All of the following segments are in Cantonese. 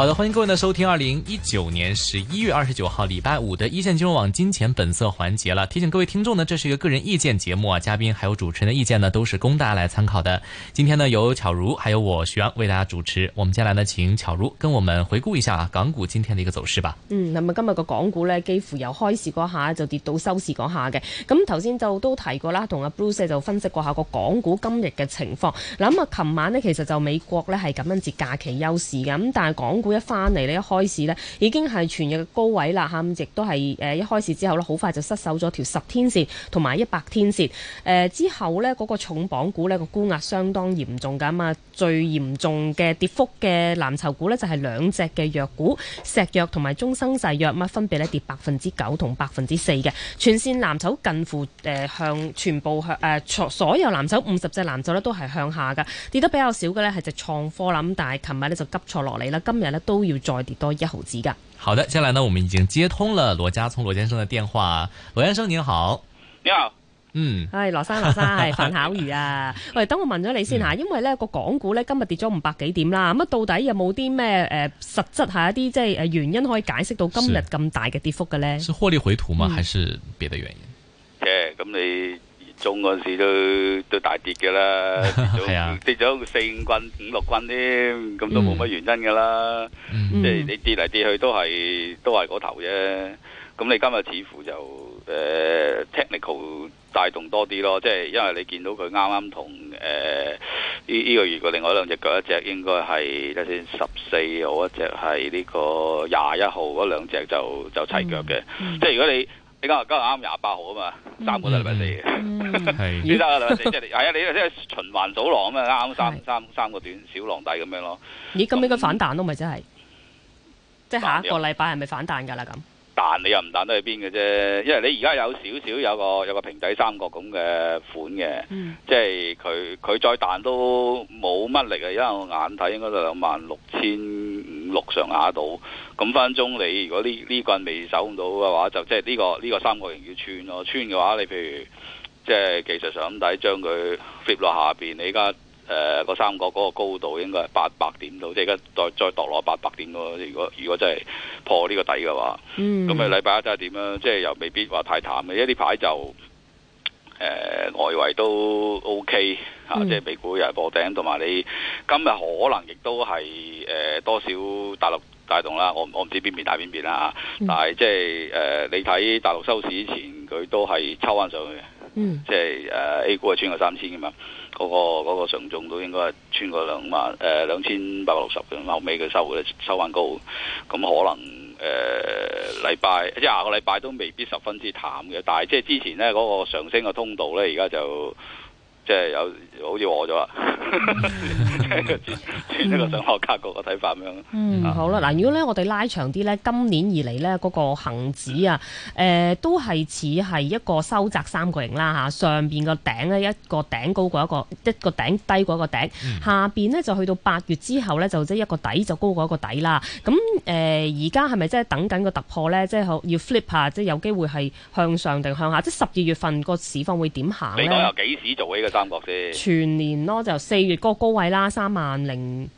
好的，歡迎各位呢收聽二零一九年十一月二十九號禮拜五的一線金融網金錢本色環節了。提醒各位聽眾呢，這是一個個人意見節目啊，嘉賓還有主持人的意見呢，都是供大家來參考的。今天呢，由巧如還有我徐陽為大家主持。我們接下來呢，請巧如跟我們回顧一下，啊、港股今天的一個走勢吧。嗯，那麼今日個港股呢，幾乎由開市嗰下就跌到收市嗰下嘅。咁頭先就都提過啦，同阿 Bruce 就分析過下個港股今日嘅情況。嗱咁啊，琴晚呢，其實就美國呢，係感恩節假期休市嘅，咁但係港股一翻嚟呢，一開始呢已經係全日嘅高位啦，吓、啊、咁亦都係誒、呃、一開始之後呢，好快就失守咗條十天線同埋一百天線。誒、呃、之後呢，嗰、那個重磅股呢個估壓相當嚴重噶嘛，最嚴重嘅跌幅嘅藍籌股呢，就係兩隻嘅弱股石藥同埋中生製藥，乜分別呢？跌百分之九同百分之四嘅。全線藍籌近乎誒、呃、向全部向誒、呃、所有藍籌五十隻藍籌呢都係向下噶，跌得比較少嘅呢，係隻創科啦。咁但係琴日呢，就急挫落嚟啦，今日呢。都要再跌多一毫子噶。好的，接下來呢，我們已經接通了羅家聰羅先生的電話。羅先生您好，你好，嗯，係、哎、羅生，羅生係 范巧如啊。喂，等我問咗你先吓，嗯、因為呢、呢個港股呢，今日跌咗五百幾點啦。咁到底有冇啲咩誒實質係一啲即係原因可以解釋到今日咁大嘅跌幅嘅咧？是獲利回吐嗎？嗯、還是別的原因？嘅，咁你。中嗰時都都大跌嘅啦，跌咗 是、啊、四五棍五六棍添，咁都冇乜原因噶啦，嗯、即係你跌嚟跌去都係都係嗰頭啫。咁你今日似乎就誒、呃、technical 帶動多啲咯，即係因為你見到佢啱啱同誒呢呢個月嘅另外兩隻腳，一隻應該係睇先十四號，一隻係呢個廿一號，嗰兩隻就就齊腳嘅，嗯嗯、即係如果你。你今日今日啱廿八號啊嘛，三個都禮拜四。先生，嗯，禮拜係，啊，你即係循環數浪咁啊，啱啱三三是三個短小浪底咁樣咯。咦，咁應該反彈都咪真係？那嗯、即係下一個禮拜係咪反彈噶啦？咁彈你又唔彈得去邊嘅啫？因為你而家有少少有個有個平底三角咁嘅款嘅，嗯、即係佢佢再彈都冇乜力啊，因為我眼睇應該兩萬六千。六上下度，咁分中你如果呢呢棍未守唔到嘅話，就即係呢、這個呢、這個三角形要穿咯。穿嘅話，你譬如即係技術上咁底，將佢 fit 落下邊。你而家誒個三角嗰個高度應該係八百點到，即係而家再再度落八百點喎。如果如果真係破呢個底嘅話，咁咪禮拜一真係點啦？即係又未必話太淡嘅，一啲牌就。誒、呃、外圍都 OK 嚇、嗯啊，即係美股又係破頂，同埋你今日可能亦都係誒多少大陸帶動啦。我我唔知邊邊大邊邊啦，但係即係誒、呃、你睇大陸收市之前，佢都係抽翻上去嘅，嗯、即係誒、呃、A 股係穿過三千嘅嘛。嗰、嗰個嗰個上證都應該係穿過兩萬誒兩千八百六十嘅，後尾、呃、佢收嘅收翻高，咁可能。誒禮拜即係下個禮拜都未必十分之淡嘅，但係即係之前咧嗰個上升嘅通道咧，而家就。即係有好似我咗啊！嗯，呢個科學卡個個睇法咁樣。嗯，好啦，嗱，如果咧我哋拉長啲咧，今年以嚟咧嗰個恆指啊，誒、嗯呃、都係似係一個收窄三角形啦嚇，上邊個頂咧一個頂高過一個、一個頂低過一個頂，嗯、下邊咧就去到八月之後咧就即係一個底就高過一個底啦。咁誒而家係咪即係等緊個突破咧？即係要 flip 下，即係有機會係向上定向下？即係十二月份個市況會點行咧？你由幾時做起個？全年咯，就四月嗰個高位啦，三萬零，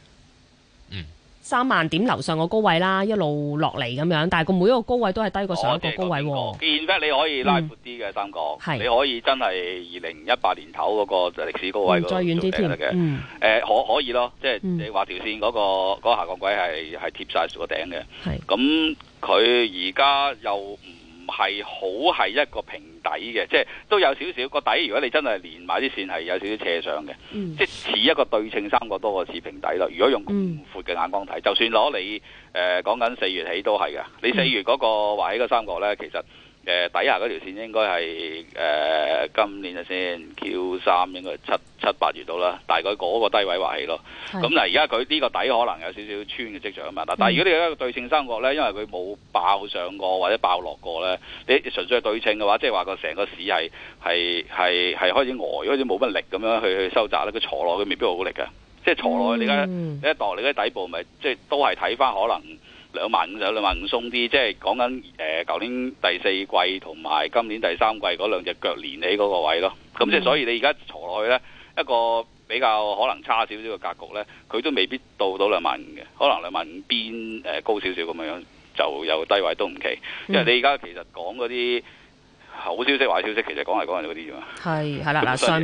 嗯，三萬點樓上個高位啦，一路落嚟咁樣，但係個每一個高位都係低過上一個高位。見得你可以拉闊啲嘅三角，嗯、你可以真係二零一八年頭嗰個歷史高位再遠啲添嘅。誒、嗯，可、嗯呃、可以咯，即係、嗯、你畫條線嗰個下個位係係貼晒個頂嘅。係咁，佢而家又。唔係好係一個平底嘅，即係都有少少個底。如果你真係連埋啲線，係有少少斜上嘅，嗯、即係似一個對稱三角多過似平底咯。如果用闊嘅眼光睇，嗯、就算攞你誒、呃、講緊四月起都係嘅。你四月嗰、嗰個話喺個三角呢，其實。誒底下嗰條線應該係、呃、今年嘅先，Q 三應該七七八月到啦，大概嗰個低位位咯，咁嗱，而家佢呢個底可能有少少穿嘅跡象啊嘛。但係如果你有一個對稱三角咧，因為佢冇爆上過或者爆落過咧，你純粹係對稱嘅話，即係話個成個市係係係係開始呆，開始冇乜力咁樣去去收窄咧。佢坐落佢未必好力㗎，即係坐落去你而家你一蕩，你而家底部咪即係都係睇翻可能。兩萬五就兩萬五鬆啲，即係講緊誒，舊、呃、年第四季同埋今年第三季嗰兩隻腳連起嗰個位咯。咁、嗯、即係所以你而家坐落去呢一個比較可能差少少嘅格局呢，佢都未必到到兩萬五嘅，可能兩萬五邊誒、呃、高少少咁樣，就有低位都唔奇。嗯、因為你而家其實講嗰啲。好消息、壞消息，其實講嚟講嚟嗰啲啫嘛。係係啦，嗱上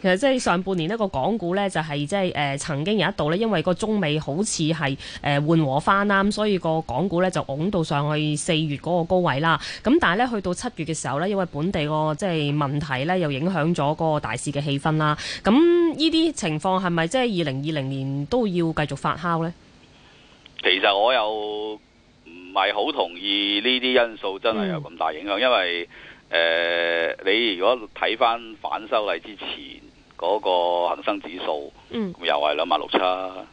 其實即係上半年呢個港股呢，就係即係誒曾經有一度呢，因為個中美好似係誒緩和翻啦，咁所以個港股呢就拱到上去四月嗰個高位啦。咁但係呢，去到七月嘅時候呢，因為本地個即係問題呢，又影響咗個大市嘅氣氛啦。咁呢啲情況係咪即係二零二零年都要繼續發酵呢？其實我有，唔係好同意呢啲因素真係有咁大影響，嗯、因為誒、呃，你如果睇翻反修例之前嗰、嗰個恆生指數，嗯，又係兩萬六七，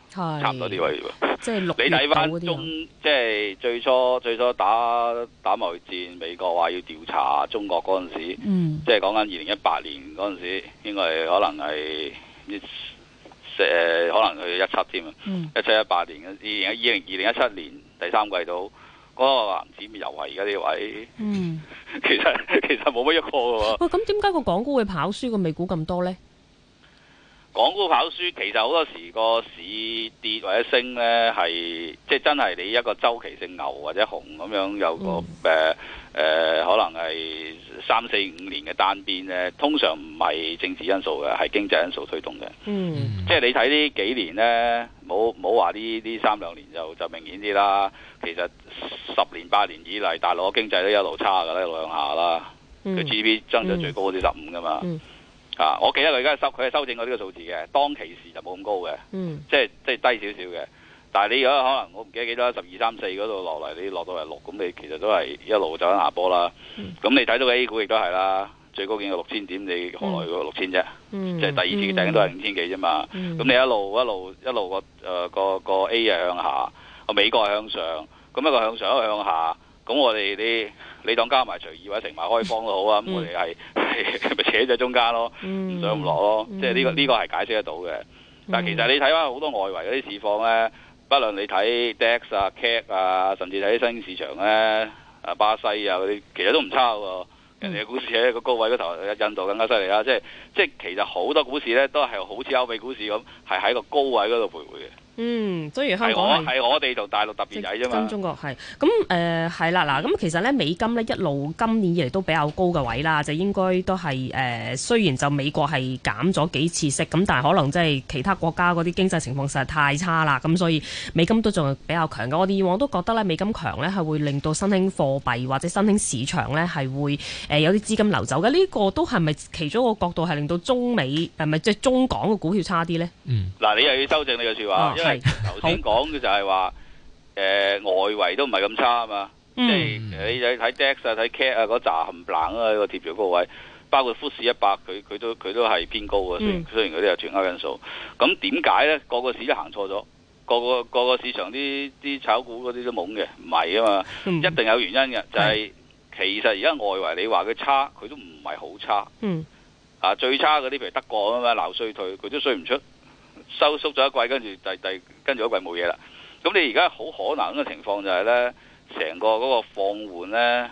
差唔多啲位。即係六 你睇翻中，即係最初最初打打貿易戰，美國話要調查中國嗰陣時，嗯，即係講緊二零一八年嗰陣時，應該係可能係誒，可能去一七添啊，一七一八年二零二零二零一七年第三季度。嗰個藍字又係而家呢位，其實其實冇乜一個喎。咁點解個港股會跑輸個美股咁多呢？港股跑輸其實好多時個市跌或者升咧，係即係真係你一個周期性牛或者熊咁樣有個誒誒、嗯呃，可能係三四五年嘅單邊咧，通常唔係政治因素嘅，係經濟因素推動嘅。嗯。即係你睇呢幾年咧，冇冇話呢呢三兩年就就明顯啲啦。其實。十年八年以嚟，大陸嘅經濟都一路差㗎啦，向下啦。佢 GDP 增長最高嗰啲十五㗎嘛。嗯嗯、啊，我記得佢而家收佢係修正過呢個數字嘅，當其時就冇咁高嘅、嗯，即係即係低少少嘅。但係你而家可能我唔記得幾多，十二三四嗰度落嚟，你落到嚟六咁，你其實都係一路走緊下坡啦。咁、嗯、你睇到嘅 A 股亦都係啦，最高見到六千點，你何來個六千啫？即係、嗯、第二次頂、嗯、都係五千幾啫嘛。咁、嗯、你一路一路一路個誒個個 A 係向下，個美國係向上。咁一個向上，一個向下。咁我哋啲你當加埋除二或者乘埋開方都好啊。咁 我哋係咪扯在中間咯？嗯、唔上唔落咯。嗯、即係呢、呢個呢、呢個係解釋得到嘅。但係其實你睇翻好多外圍嗰啲市況咧，不論你睇 DAX 啊、CAC 啊，甚至睇啲新市場咧，啊巴西啊嗰啲，其實都唔差喎。人哋嘅股市喺、個高位嗰頭，印度更加犀利啦。即係即係其實好多股市咧，都係好似歐美股市咁，係喺個高位嗰度徘徊嘅。嗯，所以香港係我係我哋同大陸特別細啫嘛。跟中國係咁誒，係啦嗱，咁、嗯嗯嗯嗯嗯嗯、其實咧美金咧一路今年以嚟都比較高嘅位啦，就應該都係誒、嗯、雖然就美國係減咗幾次息，咁但係可能即係其他國家嗰啲經濟情況實在太差啦，咁所以美金都仲係比較強嘅。我哋以往都覺得咧美金強咧係會令到新興貨幣或者新興市場咧係會誒有啲資金流走嘅。呢個都係咪其中一個角度係令到中美係咪即係中港嘅股票差啲咧？嗱你又要修正你嘅説話頭先講嘅就係話，誒、 呃、外圍都唔係咁差啊嘛，嗯、即係你睇 DAX 啊、睇 Cat 啊嗰扎冚冷啊，個貼住高位，包括富士一百，佢佢都佢都係偏高嘅，嗯、雖然佢都有全球因素。咁點解咧？個個市都行錯咗，個個個個市場啲啲炒股嗰啲都懵嘅，唔係啊嘛，嗯、一定有原因嘅。就係、是、其實而家外圍你話佢差，佢都唔係好差。嗯，啊最差嗰啲譬如德國啊嘛，鬧衰退佢都衰唔出。收縮咗一季，跟住第第跟住一季冇嘢啦。咁你而家好可能嘅情況就係呢，成個嗰個放緩呢，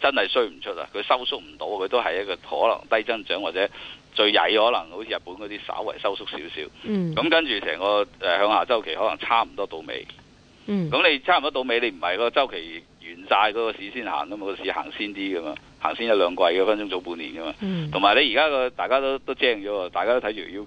真係衰唔出啊！佢收縮唔到，佢都係一個可能低增長或者最曳可能，好似日本嗰啲稍為收縮少少。嗯。咁跟住成個誒向下周期可能差唔多到尾。嗯。咁你差唔多到尾，你唔係個周期完晒嗰個市先行啊嘛？個市行先啲噶嘛？行先一兩季嘅，一分鐘早半年噶嘛？同埋、嗯嗯、你而家個大家都都精咗，大家都睇住 U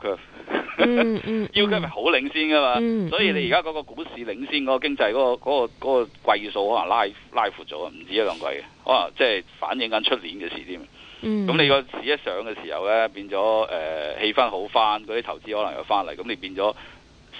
要嗯，U 咪好領先噶嘛，嗯、所以你而家嗰個股市領先嗰個經濟嗰、嗰個嗰、嗰個季、嗰個、數可能拉拉闊咗啊，唔止一兩個季嘅，可能即係反映緊出年嘅事添。咁、嗯、你個市一上嘅時候咧，變咗誒、呃、氣氛好翻，嗰啲投資可能又翻嚟，咁你變咗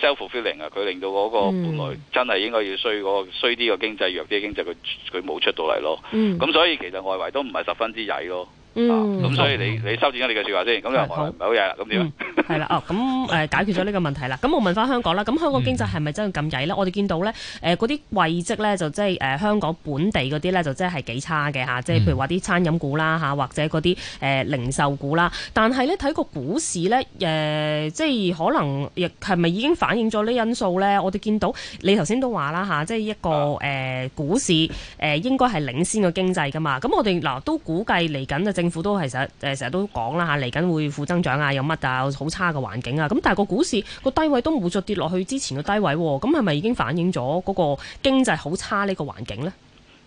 self fulfilling 啊，佢令到嗰個本來真係應該要衰嗰、嗰個衰啲嘅經濟弱啲嘅經濟，佢佢冇出到嚟咯。咁、嗯、所以其實外圍都唔係十分之曳咯。咁、嗯啊、所以你你收轉咗你嘅說話先，咁又唔係好嘢啦，咁點啊？係 啦，哦，咁誒、呃、解決咗呢個問題啦。咁我問翻香港啦，咁香港經濟係咪真係咁曳咧？嗯、我哋見到咧，誒嗰啲位績咧就即係誒、呃、香港本地嗰啲咧就真係幾差嘅吓、啊，即係譬如話啲餐飲股啦吓、啊，或者嗰啲誒零售股啦。但係咧睇個股市咧，誒、呃、即係可能亦係咪已經反映咗呢因素咧？我哋見到你頭先都話啦吓，即係一個誒、呃、股市誒、呃、應該係領先個經濟噶嘛。咁、啊、我哋嗱、呃、都估計嚟緊政府都係成日成日都講啦嚇，嚟緊會負增長啊，有乜啊，好差嘅環境啊。咁但係個股市個低位都冇再跌落去之前嘅低位，咁係咪已經反映咗嗰個經濟好差呢個環境咧？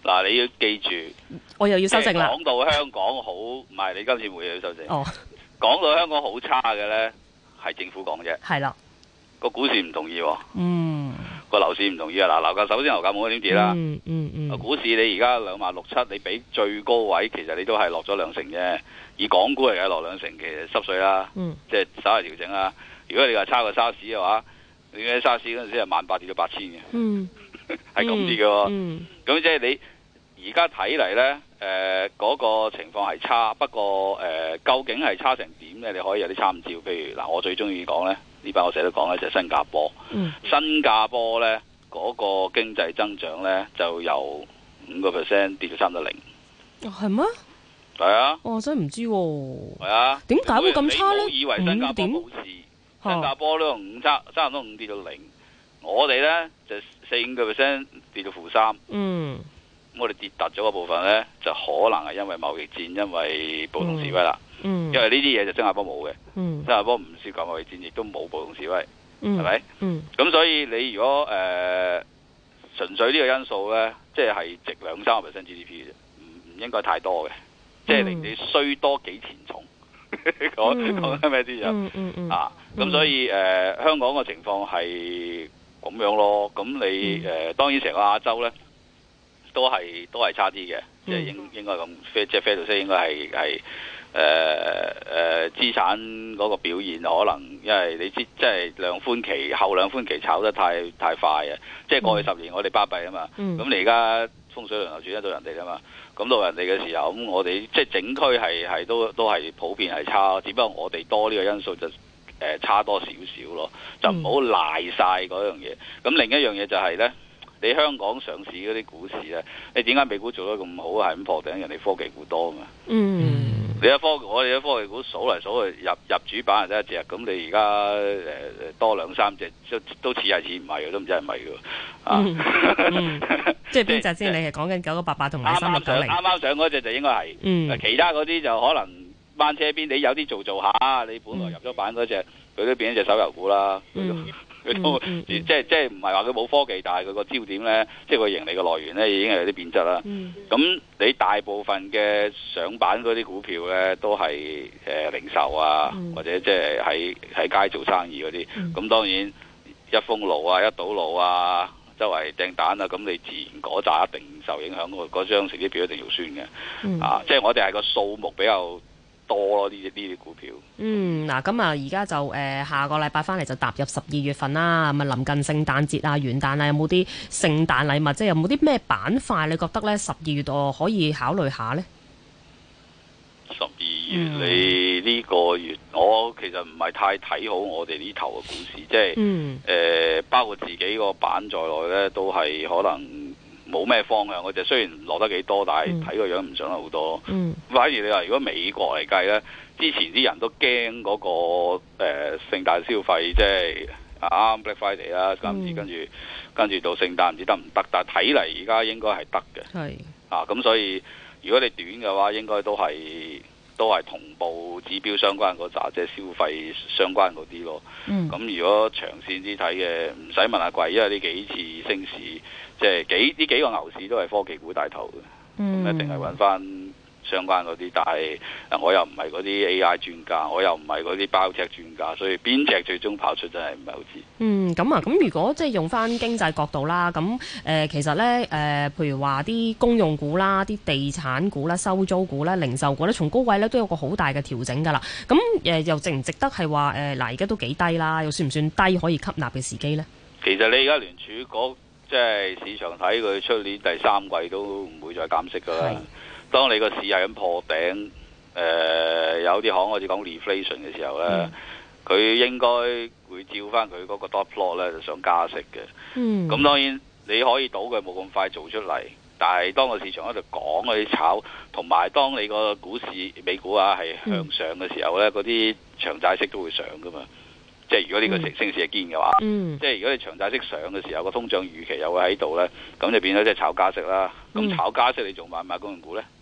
嗱，你要記住，我又要修正啦。講到香港好，唔係你今次會又要修正。哦，講到香港好差嘅咧，係政府講啫。係啦的，個股市唔同意。嗯。個樓市唔同意啊！嗱，樓價首先樓價冇點跌啦、嗯。嗯嗯股市你而家兩萬六七，你比最高位，其實你都係落咗兩成啫。以港股嚟嘅落兩成，其實濕碎啦。嗯、即係稍為調整啦。如果你話差過沙士嘅話，你喺沙士嗰陣時係萬八跌咗八千嘅。嗯。係咁啲嘅。嗯、呃。咁即係你而家睇嚟咧，誒，嗰個情況係差，不過誒、呃，究竟係差成點咧？你可以有啲參照，譬如嗱，我最中意講咧。呢班我成日都講咧，就、嗯、新加坡。新加坡咧嗰個經濟增長咧，就由五個 percent 跌到差唔多零。嗎啊、哦，係咩？係啊。我真係唔知喎。係啊。點解會咁差咧？我以為新加坡冇事。唔點。嗯、新加坡呢個五差，差唔多五跌到零。啊、我哋咧就四五個 percent 跌到負三。嗯。嗯、我哋跌突咗個部分咧，就可能係因為貿易戰，因為暴動示威啦。嗯。因為呢啲嘢就新加坡冇嘅。嗯。新加坡唔涉及貿易戰，亦都冇暴動示威。嗯。係咪？嗯。咁所以你如果誒純粹呢個因素咧，即係係值兩三個 percent GDP 啫，唔唔應該太多嘅，即係令你衰多幾錢重。講講咩啲嘢？嗯嗯啊，咁所以誒，香港個情況係咁樣咯。咁你誒當然成個亞洲咧。都係都係差啲嘅，即係應應該咁，即係 fair to say 應該係係誒誒資產嗰個表現可能，因為你知即係兩寬期後兩寬期炒得太太快啊！即係過去十年我哋巴閉啊嘛，咁、mm hmm. 你而家風水輪流轉到人哋啊嘛，咁到人哋嘅時候，咁我哋即係整區係係都都係普遍係差，只不過我哋多呢個因素就誒差多少少咯，mm hmm. 就唔好賴晒嗰樣嘢。咁另一樣嘢就係咧。你香港上市嗰啲股市咧，你點解美股做得咁好？係咁破頂，人哋科技股多啊嘛。嗯。你一科，我哋一科技股數嚟數去入入主板係得一隻，咁你而家誒多兩三隻，都似係似唔係嘅，都唔知係咪嘅。啊。即係邊、嗯、即隻先？你係講緊九九八八同埋三六九零。啱啱上。啱啱上嗰隻就應該係。嗯、其他嗰啲就可能班車邊，你有啲做做下，你本來入咗板嗰隻，佢、嗯、都變一隻手遊股啦。都佢都、嗯嗯、即係即係唔係話佢冇科技，但係佢個焦點咧，即係個盈利嘅來源咧，已經係有啲變質啦。咁、嗯、你大部分嘅上板嗰啲股票咧，都係誒、呃、零售啊，或者即係喺喺街做生意嗰啲。咁、嗯、當然一封路啊、一堵路啊，周圍掟蛋啊，咁你自然嗰扎一定受影響，嗰嗰張成績表一定要酸嘅。嗯、啊，即係我哋係個數目比較。多呢啲呢啲股票。嗯，嗱，咁、呃、啊，而家就誒下個禮拜翻嚟就踏入十二月份啦，咁啊臨近聖誕節啊、元旦啊，有冇啲聖誕禮物即係，有冇啲咩板塊？你覺得呢十二月度可以考慮下呢？十二月、嗯、你呢個月我其實唔係太睇好我哋呢頭嘅股市，即係誒、嗯呃、包括自己個板在內呢，都係可能。冇咩方向，我就雖然落得幾多，但係睇個樣唔上得好多。嗯，反而你話如果美國嚟計呢，之前啲人都驚嗰、嗰個誒、呃、聖誕消費，即係啱 Black Friday 啦，啊、Friday，今次、嗯、跟住跟住到聖誕唔知得唔得？但係睇嚟而家應該係得嘅。係是啊，咁所以如果你短嘅話，應該都係。都係同步指標相關嗰扎，即係消費相關嗰啲咯。咁、嗯、如果長線啲睇嘅，唔使問阿貴，因為呢幾次升市，即係幾呢幾個牛市都係科技股帶頭嘅，咁、嗯嗯、一定係揾翻相關嗰啲，但係我又唔係嗰啲 AI 專家，我又唔係嗰啲 biotech 專家，所以邊隻最終跑出真係唔係好知。嗯，咁啊，咁如果即係用翻經濟角度啦，咁誒、呃、其實呢，誒、呃，譬如話啲公用股啦、啲地產股啦、收租股啦、零售股咧，從高位咧都有個好大嘅調整㗎啦。咁誒、呃、又值唔值得係話誒嗱？而、呃、家都幾低啦，又算唔算低可以吸納嘅時機呢？其實你而家聯儲局即係市場睇佢出年第三季都唔會再減息㗎啦。當你個市係咁破頂，誒、呃、有啲行，開始講 reflation 嘅時候咧，佢、mm. 應該會照翻佢嗰個 dot plot 咧，就上加息嘅。嗯，咁當然你可以倒佢冇咁快做出嚟，但係當個市場喺度講嗰啲炒，同埋當你個股市美股啊係向上嘅時候咧，嗰啲、mm. 長債息都會上噶嘛。即係如果呢個市升市係堅嘅話，mm. 即係如果你長債息上嘅時候，個通脹預期又會喺度咧，咁就變咗即係炒加息啦。咁炒加息你仲買唔買公用股咧？Mm.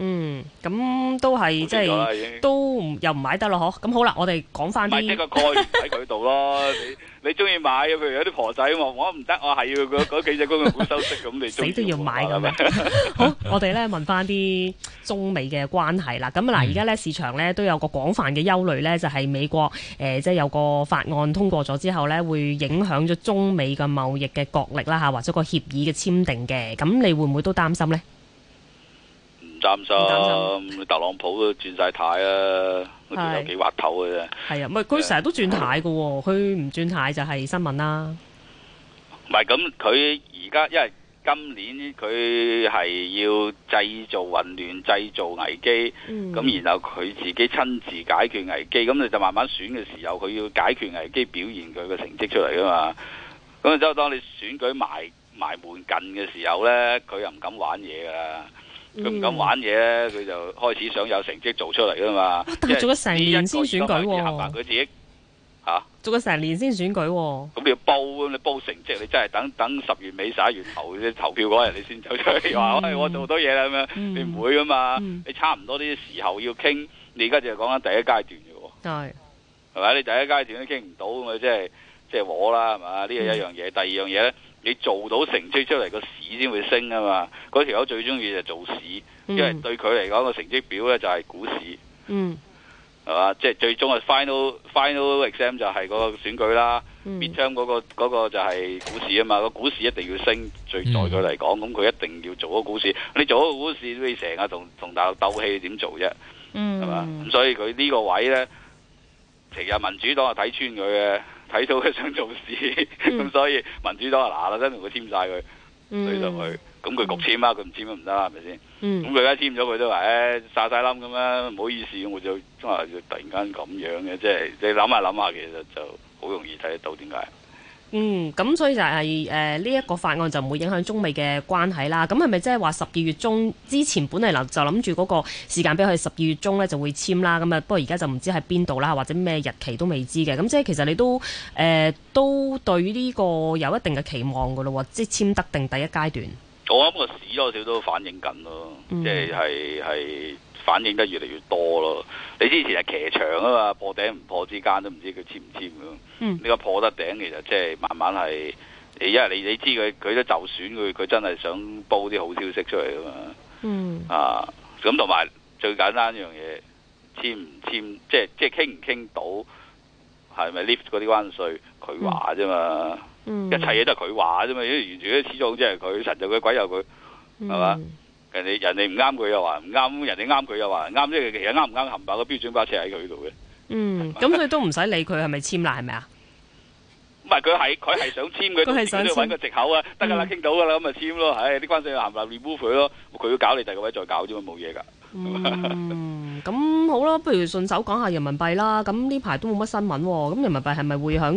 嗯，咁都係，即係都又唔買得咯，嗬？咁好啦，我哋講翻啲。 買隻個概念喺佢度咯，你你中意買，譬如有啲婆仔嘛，我唔得，我係要嗰嗰幾隻公公好收息咁， 你死都要買噶嘛？ 好，我哋咧問翻啲中美嘅關係啦。咁嗱，而家咧市場咧都有個廣泛嘅憂慮咧，就係、是、美國誒，即、呃、係、就是、有個法案通過咗之後咧，會影響咗中美嘅貿易嘅角力啦吓，或者個協議嘅簽訂嘅。咁你會唔會都擔心咧？唔擔心，特朗普都轉晒軚啊！我見有幾滑頭嘅啫。係啊，唔係佢成日都轉軚㗎喎。佢唔轉軚就係新聞啦。唔係咁，佢而家因為今年佢係要製造混亂、製造危機，咁、嗯、然後佢自己親自解決危機，咁你就慢慢選嘅時候，佢要解決危機，表現佢嘅成績出嚟㗎嘛。咁之後，當你選舉埋埋門近嘅時候咧，佢又唔敢玩嘢噶。佢唔敢玩嘢，佢就開始想有成績做出嚟噶嘛。但我做咗成年先選舉喎、啊，嚇、啊！做咗成年先選舉喎、啊，咁、啊、你要煲你煲成績，你真係等等十月尾十一月頭啲 投票嗰日你先走出嚟話、嗯，喂我做到嘢啦咁樣，嗯、你唔會噶嘛？嗯、你差唔多啲時候要傾，你而家就講緊第一階段嘅喎，係咪對？你第一階段都傾唔到咁啊，即係即係我啦，係嘛？呢係一樣嘢，第二樣嘢咧。你做到成績出嚟個市先會升啊嘛！嗰條友最中意就做市，嗯、因為對佢嚟講個成績表咧就係股市，係嘛、嗯？即係最終啊 final final exam 就係個選舉啦，變相嗰個就係股市啊嘛！個股市一定要升，最在佢嚟講，咁佢、嗯、一定要做個股市。你做個股市，你成日同同大陸鬥氣點做啫？係嘛？咁、嗯、所以佢呢個位咧，成日民主黨係睇穿佢嘅。睇到佢想做事，咁、嗯、 所以民主黨話嗱啦，真同佢簽晒佢，推上、嗯、去，咁佢焗簽啦，佢唔簽都唔得啦，係咪先？咁佢而家簽咗，佢都話誒曬晒冧咁樣，唔好意思，我就話突然間咁樣嘅，即係你諗下諗下，其實就好容易睇得到點解。嗯，咁所以就係誒呢一個法案就唔會影響中美嘅關係啦。咁係咪即係話十二月中之前本嚟就諗住嗰個時間俾佢十二月中咧就會簽啦？咁啊，不過而家就唔知喺邊度啦，或者咩日期都未知嘅。咁即係其實你都誒、呃、都對呢個有一定嘅期望噶咯。即係簽得定第一階段。我諗個市多少都反映緊咯，即係係係。反映得越嚟越多咯，你之前係騎牆啊嘛，破頂唔破之間都唔知佢簽唔簽嘅。嗯，你話破得頂其實即係慢慢係，因為你你知佢佢都就選佢，佢真係想煲啲好消息出嚟啊嘛。嗯，啊，咁同埋最簡單一樣嘢，簽唔簽即係即係傾唔傾到，係咪 lift 嗰啲關稅？佢話啫嘛，一切嘢都係佢話啫嘛，如果完全都始終即係佢神就佢鬼又佢，係嘛？嗯人哋人哋唔啱佢又話唔啱，人哋啱佢又話啱，即係其實啱唔啱冚唪唥個標準班車喺佢度嘅。嗯，咁佢都唔使理佢係咪簽啦係咪啊？唔係佢係佢係想簽佢，佢都揾個藉口啊！得㗎喇，傾到㗎喇，咁咪簽咯。唉，啲關稅冚唪唥 remove 佢咯，佢要搞你第二個位再搞，點會冇嘢㗎？咁、嗯、 好啦，不如順手講下人民幣啦。咁呢排都冇乜新聞喎。咁人民幣係咪會響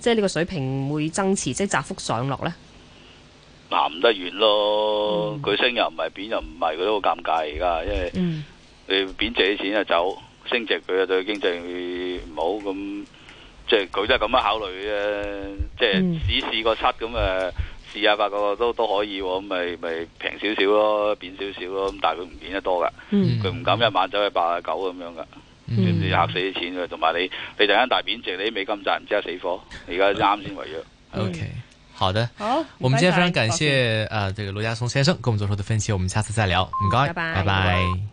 即係呢個水平會增持，即係窄幅上落咧？行唔得遠咯，佢、嗯、升又唔係，貶又唔係，佢都好尷尬而家，因為你貶值啲錢就走，升值佢就對經濟唔好，咁即係佢即係咁樣考慮嘅，即係試試個七咁，誒，試下八個都都可以，咁咪咪平少少咯，貶少少咯，咁但係佢唔貶得多噶，佢唔、嗯、敢一晚走去八啊九咁樣噶、嗯，你吓死啲錢啊，同埋你你突然間大貶值，你啲美金賺唔知係死火，你而家啱先違約。嗯 okay. 好的，好、哦。我們今天非常感謝，持呃，這個羅家聰先生給我們做出的分析，我們下次再聊。唔該，拜拜。拜拜拜拜。